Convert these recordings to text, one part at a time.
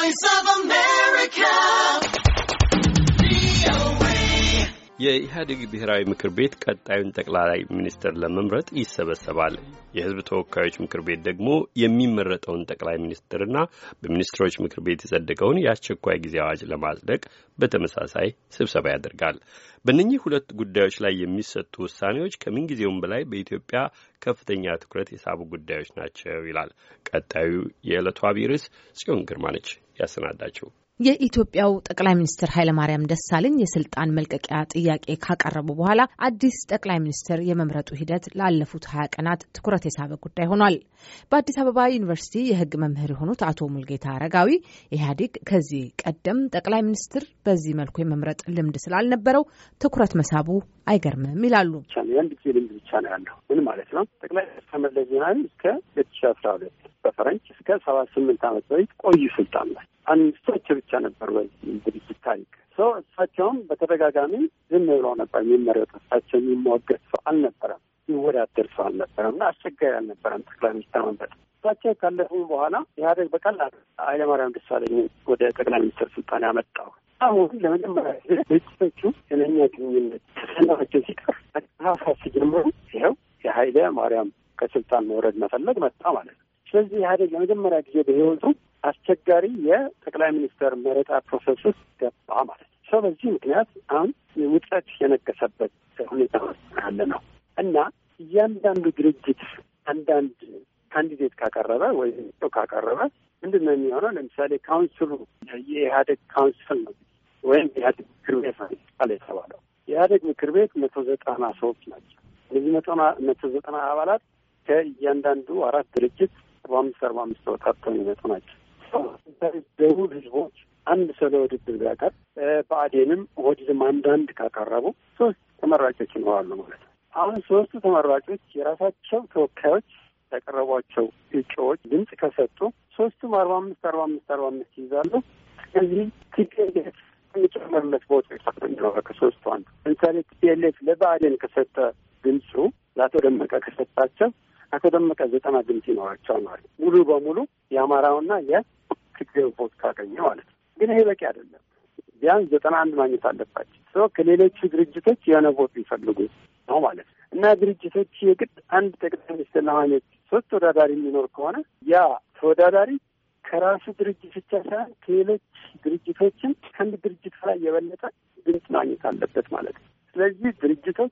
Voice የኢህአዴግ ብሔራዊ ምክር ቤት ቀጣዩን ጠቅላይ ሚኒስትር ለመምረጥ ይሰበሰባል። የህዝብ ተወካዮች ምክር ቤት ደግሞ የሚመረጠውን ጠቅላይ ሚኒስትርና በሚኒስትሮች ምክር ቤት የጸደቀውን የአስቸኳይ ጊዜ አዋጅ ለማጽደቅ በተመሳሳይ ስብሰባ ያደርጋል። በእነኚህ ሁለት ጉዳዮች ላይ የሚሰጡ ውሳኔዎች ከምንጊዜውም በላይ በኢትዮጵያ ከፍተኛ ትኩረት የሳቡ ጉዳዮች ናቸው ይላል ቀጣዩ የዕለቱ አብይ ርዕስ። ጽዮን ግርማ ነች። ያሰናዳችው? የኢትዮጵያው ጠቅላይ ሚኒስትር ኃይለማርያም ደሳለኝ የስልጣን መልቀቂያ ጥያቄ ካቀረቡ በኋላ አዲስ ጠቅላይ ሚኒስትር የመምረጡ ሂደት ላለፉት ሀያ ቀናት ትኩረት የሳበ ጉዳይ ሆኗል። በአዲስ አበባ ዩኒቨርሲቲ የሕግ መምህር የሆኑት አቶ ሙልጌታ አረጋዊ ኢህአዴግ ከዚህ ቀደም ጠቅላይ ሚኒስትር በዚህ መልኩ የመምረጥ ልምድ ስላልነበረው ትኩረት መሳቡ አይገርምም ይላሉ። የአንድ ጊዜ ልምድ ብቻ ነው ያለው። ምን ማለት ነው? ጠቅላይ ሚኒስትር መለስ ዜናዊ እስከ ሁለት ሺ አስራ ሁለት በፈረንጅ እስከ ሰባ ስምንት አመት በፊት ቆዩ ስልጣን ላይ አንስቶች ብቻ ነበር በዚህ ድርጅት ታሪክ ሰው እሳቸውም በተደጋጋሚ ዝም ብለው ነበር የሚመረጡ እሳቸው የሚሟገት ሰው አልነበረም፣ ይወዳደር ሰው አልነበረም እና አስቸጋሪ አልነበረም ጠቅላይ ሚኒስትር መንበጥ እሳቸው ካለፉ በኋላ ኢህአዴግ በቀላል ኃይለማርያም ደሳለኝ ወደ ጠቅላይ ሚኒስትር ስልጣን ያመጣው አሁን ለመጀመሪያ ጊዜ ድርጅቶቹ የነኛ ግንኙነት ተሰናቸው ሲቀር አካፋ ሲጀምሩ ኃይለ ማርያም ከስልጣን መውረድ መፈለግ መጣ ማለት ነው። ስለዚህ ኢህአዴግ ለመጀመሪያ ጊዜ በህይወቱ አስቸጋሪ የጠቅላይ ሚኒስተር መረጣ ፕሮሰስ ውስጥ ገባ ማለት ነው። ሰው በዚህ ምክንያት አሁን ውጥረት የነገሰበት ሁኔታ ያለ ነው እና እያንዳንዱ ድርጅት አንዳንድ ካንዲዴት ካቀረበ ወይ ካቀረበ ምንድን ነው የሚሆነው? ለምሳሌ ካውንስሉ የኢህአዴግ ካውንስል ነው ወይም ኢህአዴግ ምክር ቤት ነው የተባለው። የኢህአዴግ ምክር ቤት መቶ ዘጠና ሰዎች ናቸው። እነዚህ መቶ ዘጠና አባላት ከእያንዳንዱ አራት ድርጅት አርባ አምስት አርባ አምስት ተወጣጥተው የሚመጡ ናቸው። ደቡብ ህዝቦች አንድ ሰው ለውድድር ቢያቀርብ በአዴንም ኦህዴድም አንዳንድ ካቀረቡ ሶስት ተመራጮች ይኖራሉ ማለት ነው። አሁን ሶስቱ ተመራጮች የራሳቸው ተወካዮች ያቀረቧቸው እጩዎች ድምፅ ከሰጡ ሶስቱም አርባ አምስት አርባ አምስት አርባ አምስት ይይዛሉ። ስለዚህ ቲፒኤልኤፍ የሚጨመርለት ቦታ ይኖራል ከሶስቱ አንዱ። ለምሳሌ ቲፒኤልኤፍ ለብአዴን ከሰጠ ድምፁ ለአቶ ደመቀ ከሰጣቸው አቶ ደመቀ ዘጠና ድምፅ ይኖራቸዋል ማለት ነው። ሙሉ በሙሉ የአማራውና የትግሬው ቦት ካገኘ ማለት ነው። ግን ይሄ በቂ አይደለም። ቢያንስ ዘጠና አንድ ማግኘት አለባቸው። ሰው ከሌሎቹ ድርጅቶች የሆነ ቦት ይፈልጉ ነው ማለት ነው እና ድርጅቶች የግድ አንድ ጠቅላይ ሚኒስትር ለማግኘት ሶስት ተወዳዳሪ የሚኖር ከሆነ ያ ተወዳዳሪ ከራሱ ድርጅት ብቻ ሳይሆን ከሌሎች ድርጅቶችም ከአንድ ድርጅት ላይ የበለጠ ድምፅ ማግኘት አለበት ማለት ነው። ስለዚህ ድርጅቶች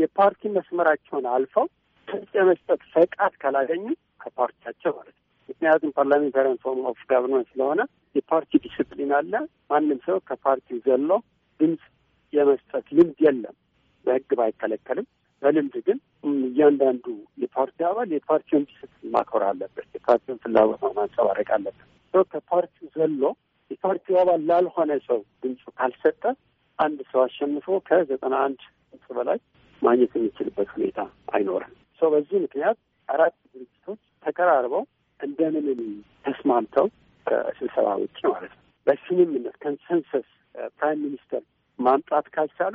የፓርቲ መስመራቸውን አልፈው ድምጽ የመስጠት ፈቃድ ካላገኙ ከፓርቲያቸው ማለት ነው። ምክንያቱም ፓርላሜንታሪያን ፎርም ኦፍ ጋቨርንመንት ስለሆነ የፓርቲ ዲስፕሊን አለ። ማንም ሰው ከፓርቲው ዘሎ ድምፅ የመስጠት ልምድ የለም። በህግ ባይከለከልም በልምድ ግን እያንዳንዱ የፓርቲ አባል የፓርቲውን ዲስፕሊን ማክበር አለበት። የፓርቲውን ፍላጎት ማንጸባረቅ አለበት። ሰው ከፓርቲው ዘሎ የፓርቲው አባል ላልሆነ ሰው ድምፁ ካልሰጠ አንድ ሰው አሸንፎ ከዘጠና አንድ ድምፅ በላይ ማግኘት የሚችልበት ሁኔታ አይኖርም። ሰው በዚህ ምክንያት አራት ድርጅቶች ተቀራርበው እንደምንም ተስማምተው ከስብሰባ ውጭ ማለት ነው በስምምነት ከንሰንሰስ ፕራይም ሚኒስተር ማምጣት ካልቻሉ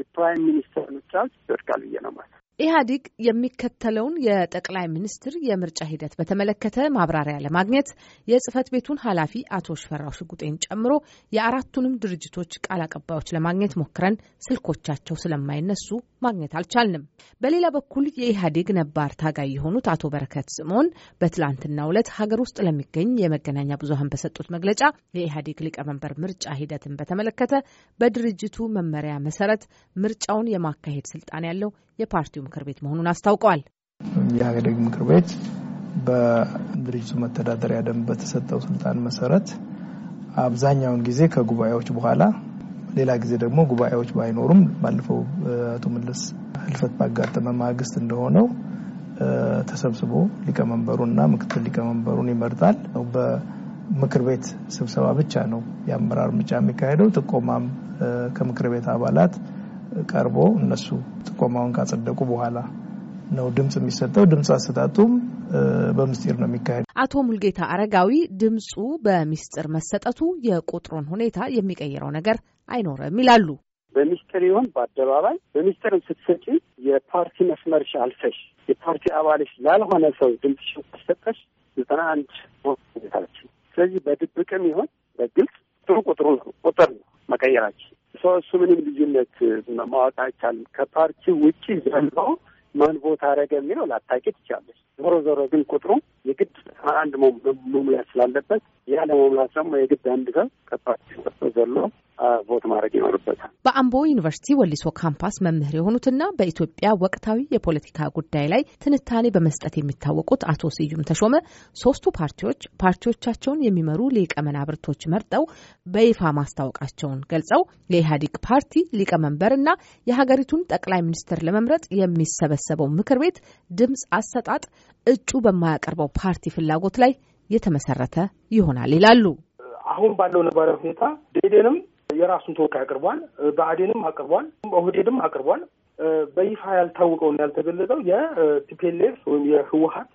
የፕራይም ሚኒስተር ምርጫዎች ይወድቃል ብዬ ነው ማለት ኢህአዲግ የሚከተለውን የጠቅላይ ሚኒስትር የምርጫ ሂደት በተመለከተ ማብራሪያ ለማግኘት የጽህፈት ቤቱን ኃላፊ አቶ ሽፈራው ሽጉጤን ጨምሮ የአራቱንም ድርጅቶች ቃል አቀባዮች ለማግኘት ሞክረን ስልኮቻቸው ስለማይነሱ ማግኘት አልቻልንም። በሌላ በኩል የኢህአዴግ ነባር ታጋይ የሆኑት አቶ በረከት ስምኦን በትላንትናው ዕለት ሀገር ውስጥ ለሚገኝ የመገናኛ ብዙሀን በሰጡት መግለጫ የኢህአዴግ ሊቀመንበር ምርጫ ሂደትን በተመለከተ በድርጅቱ መመሪያ መሰረት ምርጫውን የማካሄድ ስልጣን ያለው የፓርቲው ምክር ቤት መሆኑን አስታውቀዋል። የሀገሪ ምክር ቤት በድርጅቱ መተዳደሪያ ደንብ በተሰጠው ስልጣን መሰረት አብዛኛውን ጊዜ ከጉባኤዎች በኋላ ሌላ ጊዜ ደግሞ ጉባኤዎች ባይኖሩም ባለፈው አቶ መለስ ህልፈት ባጋጠመ ማግስት እንደሆነው ተሰብስቦ ሊቀመንበሩና ምክትል ሊቀመንበሩን ይመርጣል። በምክር ቤት ስብሰባ ብቻ ነው የአመራር ምርጫ የሚካሄደው። ጥቆማም ከምክር ቤት አባላት ቀርቦ እነሱ ጥቆማውን ካጸደቁ በኋላ ነው ድምፅ የሚሰጠው። ድምፅ አሰጣጡም በምስጢር ነው የሚካሄድ። አቶ ሙልጌታ አረጋዊ ድምፁ በምስጢር መሰጠቱ የቁጥሩን ሁኔታ የሚቀይረው ነገር አይኖርም ይላሉ። በምስጢር ይሁን በአደባባይ በምስጢር ስትሰጪ የፓርቲ መስመርሽ አልፈሽ የፓርቲ አባልሽ ላልሆነ ሰው ድምፅሽን ካሰጠሽ ዘጠና አንድ ስለዚህ በድብቅም ይሁን በግልጽ ጥሩ ቁጥሩ ቁጥር ነው መቀየራችን እሱ ምንም ልዩነት ማወቅ አይቻልም። ከፓርቲው ውጭ ዘሎ ማን ቦታ አረገ የሚለው ላታቂ ትቻለች። ዞሮ ዞሮ ግን ቁጥሩ የግድ አንድ መሙላት ስላለበት ያለ መሙላት ደግሞ የግድ አንድ ሰው ከፓርቲ ዘሎ ቮት ማድረግ ይኖርበታል። በአምቦ ዩኒቨርሲቲ ወሊሶ ካምፓስ መምህር የሆኑትና በኢትዮጵያ ወቅታዊ የፖለቲካ ጉዳይ ላይ ትንታኔ በመስጠት የሚታወቁት አቶ ስዩም ተሾመ ሶስቱ ፓርቲዎች ፓርቲዎቻቸውን የሚመሩ ሊቀመናብርቶች መርጠው በይፋ ማስታወቃቸውን ገልጸው የኢህአዴግ ፓርቲ ሊቀመንበር እና የሀገሪቱን ጠቅላይ ሚኒስትር ለመምረጥ የሚሰበሰበው ምክር ቤት ድምፅ አሰጣጥ እጩ በማያቀርበው ፓርቲ ፍላጎት ላይ የተመሰረተ ይሆናል ይላሉ። አሁን ባለው ነባራዊ ሁኔታ ደኢህዴንም የራሱን ተወካይ አቅርቧል። በአዴንም አቅርቧል። ኦህዴድም አቅርቧል። በይፋ ያልታወቀውና ያልተገለጸው የቲፒኤልኤፍ ወይም የህወሀት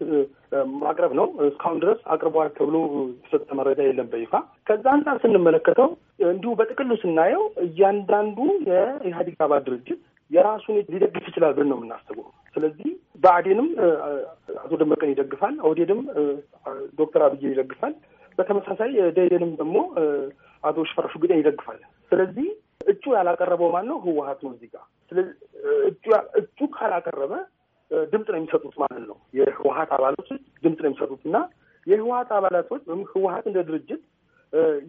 ማቅረብ ነው። እስካሁን ድረስ አቅርቧል ተብሎ የተሰጠ መረጃ የለም በይፋ። ከዛ አንጻር ስንመለከተው እንዲሁ በጥቅሉ ስናየው እያንዳንዱ የኢህአዴግ አባል ድርጅት የራሱን ሊደግፍ ይችላል ብለን ነው የምናስበው። ስለዚህ በአዴንም አቶ ደመቀን ይደግፋል፣ ኦህዴድም ዶክተር አብይን ይደግፋል። በተመሳሳይ ደኢህዴንም ደግሞ አቶ ሽፈራሹ ግዳ ይደግፋል። ስለዚህ እጩ ያላቀረበው ማን ነው? ህወሀት ነው እዚህ ጋር። ስለዚህ እጩ ካላቀረበ ድምፅ ነው የሚሰጡት ማለት ነው። የህወሀት አባላቶች ድምፅ ነው የሚሰጡት እና የህወሀት አባላቶች ወይም ህወሀት እንደ ድርጅት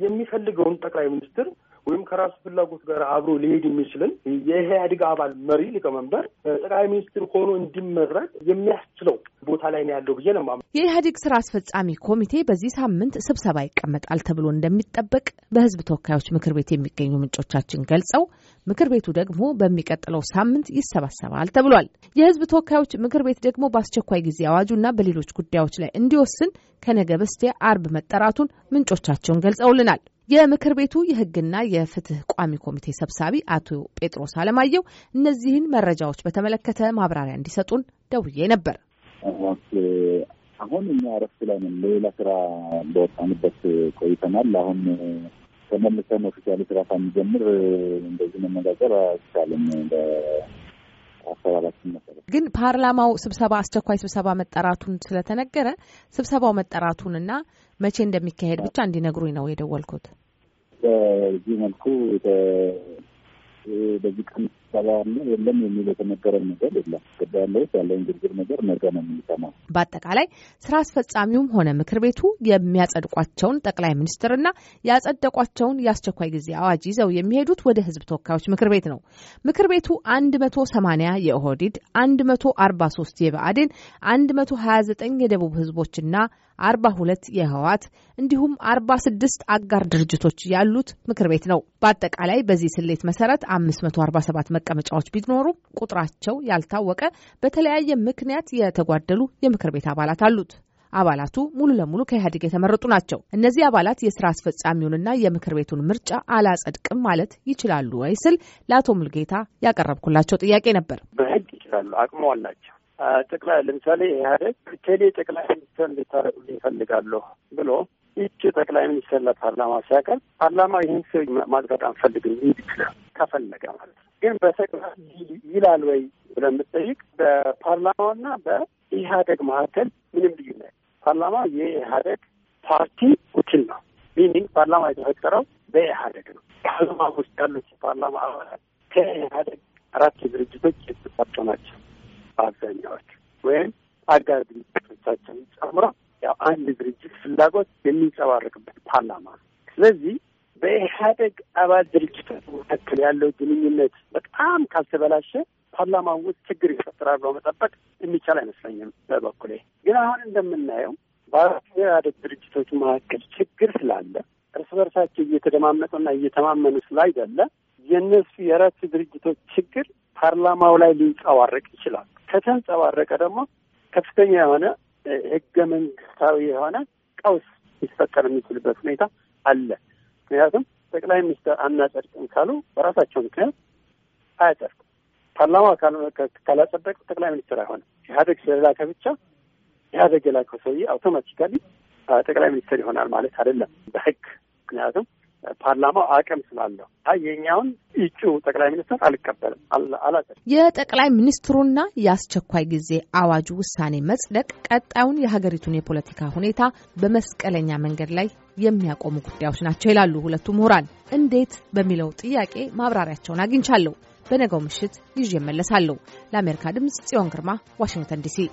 የሚፈልገውን ጠቅላይ ሚኒስትር ወይም ከራሱ ፍላጎት ጋር አብሮ ሊሄድ የሚችልን የኢህአዴግ አባል መሪ ሊቀመንበር ጠቅላይ ሚኒስትር ሆኖ እንዲመረጥ የሚያስችለው ቦታ ላይ ነው ያለው ብዬ ነው የኢህአዴግ ስራ አስፈጻሚ ኮሚቴ በዚህ ሳምንት ስብሰባ ይቀመጣል ተብሎ እንደሚጠበቅ በህዝብ ተወካዮች ምክር ቤት የሚገኙ ምንጮቻችን ገልጸው ምክር ቤቱ ደግሞ በሚቀጥለው ሳምንት ይሰባሰባል ተብሏል። የህዝብ ተወካዮች ምክር ቤት ደግሞ በአስቸኳይ ጊዜ አዋጁና በሌሎች ጉዳዮች ላይ እንዲወስን ከነገ በስቲያ አርብ መጠራቱን ምንጮቻቸውን ገልጸውልናል። የምክር ቤቱ የህግና የፍትህ ቋሚ ኮሚቴ ሰብሳቢ አቶ ጴጥሮስ አለማየሁ እነዚህን መረጃዎች በተመለከተ ማብራሪያ እንዲሰጡን ደውዬ ነበር። አሁን እኛ እረፍት ላይ ነን። ሌላ ስራ በወጣንበት ቆይተናል። አሁን ተመልሰን ኦፊሻሊ ስራ ሳንጀምር እንደዚህ መነጋገር አይቻልም። አሰራራችን መሰረት ግን ፓርላማው ስብሰባ አስቸኳይ ስብሰባ መጠራቱን ስለተነገረ ስብሰባው መጠራቱን እና መቼ እንደሚካሄድ ብቻ እንዲነግሩኝ ነው የደወልኩት። በዚህ መልኩ በዚህ ቀን ስብሰባ የለም የሚል የተነገረ ነገር የለም። ጉዳይ ላይ ያለውን ዝርዝር ነገር ነገ ነው የምንሰማው። በአጠቃላይ ስራ አስፈጻሚውም ሆነ ምክር ቤቱ የሚያጸድቋቸውን ጠቅላይ ሚኒስትርና ያጸደቋቸውን የአስቸኳይ ጊዜ አዋጅ ይዘው የሚሄዱት ወደ ህዝብ ተወካዮች ምክር ቤት ነው። ምክር ቤቱ አንድ መቶ ሰማኒያ የኦህዲድ አንድ መቶ አርባ ሶስት የብአዴን አንድ መቶ ሀያ ዘጠኝ የደቡብ ህዝቦችና አርባ ሁለት የህወሓት እንዲሁም አርባ ስድስት አጋር ድርጅቶች ያሉት ምክር ቤት ነው። በአጠቃላይ በዚህ ስሌት መሰረት 547 መቀመጫዎች ቢኖሩም ቁጥራቸው ያልታወቀ በተለያየ ምክንያት የተጓደሉ የምክር ቤት አባላት አሉት። አባላቱ ሙሉ ለሙሉ ከኢህአዴግ የተመረጡ ናቸው። እነዚህ አባላት የስራ አስፈጻሚውንና የምክር ቤቱን ምርጫ አላጸድቅም ማለት ይችላሉ ወይ ስል ለአቶ ሙልጌታ ያቀረብኩላቸው ጥያቄ ነበር። በህግ ይችላሉ፣ አቅሙ አላቸው። ጠቅላይ ለምሳሌ ኢህአዴግ ቴሌ ጠቅላይ ሚኒስትር እንድታደርጉልኝ ይፈልጋለሁ ብሎ ይቺ ጠቅላይ ሚኒስትር ለፓርላማ ሲያቀርብ ፓርላማ ይህን ሰው ማጽደቅ አንፈልግም ሊል ይችላል ከፈለገ ማለት ነው። ግን በተግባር ይላል ወይ ብለን ብጠይቅ በፓርላማና በኢህአደግ መካከል ምንም ልዩነት ፓርላማ የኢህአደግ ፓርቲ ውኪል ነው። ሚኒንግ ፓርላማ የተፈጠረው በኢህአደግ ነው። ፓርላማ ውስጥ ያሉት ፓርላማ አባላት ከኢህአደግ አራት ድርጅቶች የተሰጣቸው ናቸው። በአብዛኛዎች ወይም አጋር ድርጅቶቻቸውን ጨምረው ያው አንድ ድርጅት ፍላጎት የሚንጸባረቅበት ፓርላማ ነው። ስለዚህ በኢህአደግ አባል ድርጅቶች መካከል ያለው ግንኙነት በጣም ካልተበላሸ ፓርላማ ውስጥ ችግር ይፈጠራል ብሎ መጠበቅ የሚቻል አይመስለኝም በበኩሌ። ግን አሁን እንደምናየው በአራቱ የኢህአደግ ድርጅቶች መካከል ችግር ስላለ እርስ በርሳቸው እየተደማመጡና እየተማመኑ ስላይደለ የእነሱ የአራት ድርጅቶች ችግር ፓርላማው ላይ ሊንጸባረቅ ይችላል። ከተንጸባረቀ ደግሞ ከፍተኛ የሆነ ህገ መንግስታዊ የሆነ ቀውስ ሊፈጠር የሚችልበት ሁኔታ አለ። ምክንያቱም ጠቅላይ ሚኒስትር አናጸድቅም ካሉ በራሳቸው ምክንያት አያጸድቅም። ፓርላማ ካላጸደቀ ጠቅላይ ሚኒስትር አይሆንም። ኢህአዴግ ስለላከ ብቻ ኢህአዴግ የላከው ሰውዬ አውቶማቲካሊ ጠቅላይ ሚኒስትር ይሆናል ማለት አይደለም በህግ ምክንያቱም ፓርላማው አቅም ስላለው አይ የኛውን እጩ ጠቅላይ ሚኒስትር አልቀበልም አላቀ የጠቅላይ ሚኒስትሩና የአስቸኳይ ጊዜ አዋጁ ውሳኔ መጽደቅ ቀጣዩን የሀገሪቱን የፖለቲካ ሁኔታ በመስቀለኛ መንገድ ላይ የሚያቆሙ ጉዳዮች ናቸው ይላሉ ሁለቱ ምሁራን። እንዴት በሚለው ጥያቄ ማብራሪያቸውን አግኝቻለሁ። በነገው ምሽት ይዤ እመለሳለሁ። ለአሜሪካ ድምፅ ጽዮን ግርማ ዋሽንግተን ዲሲ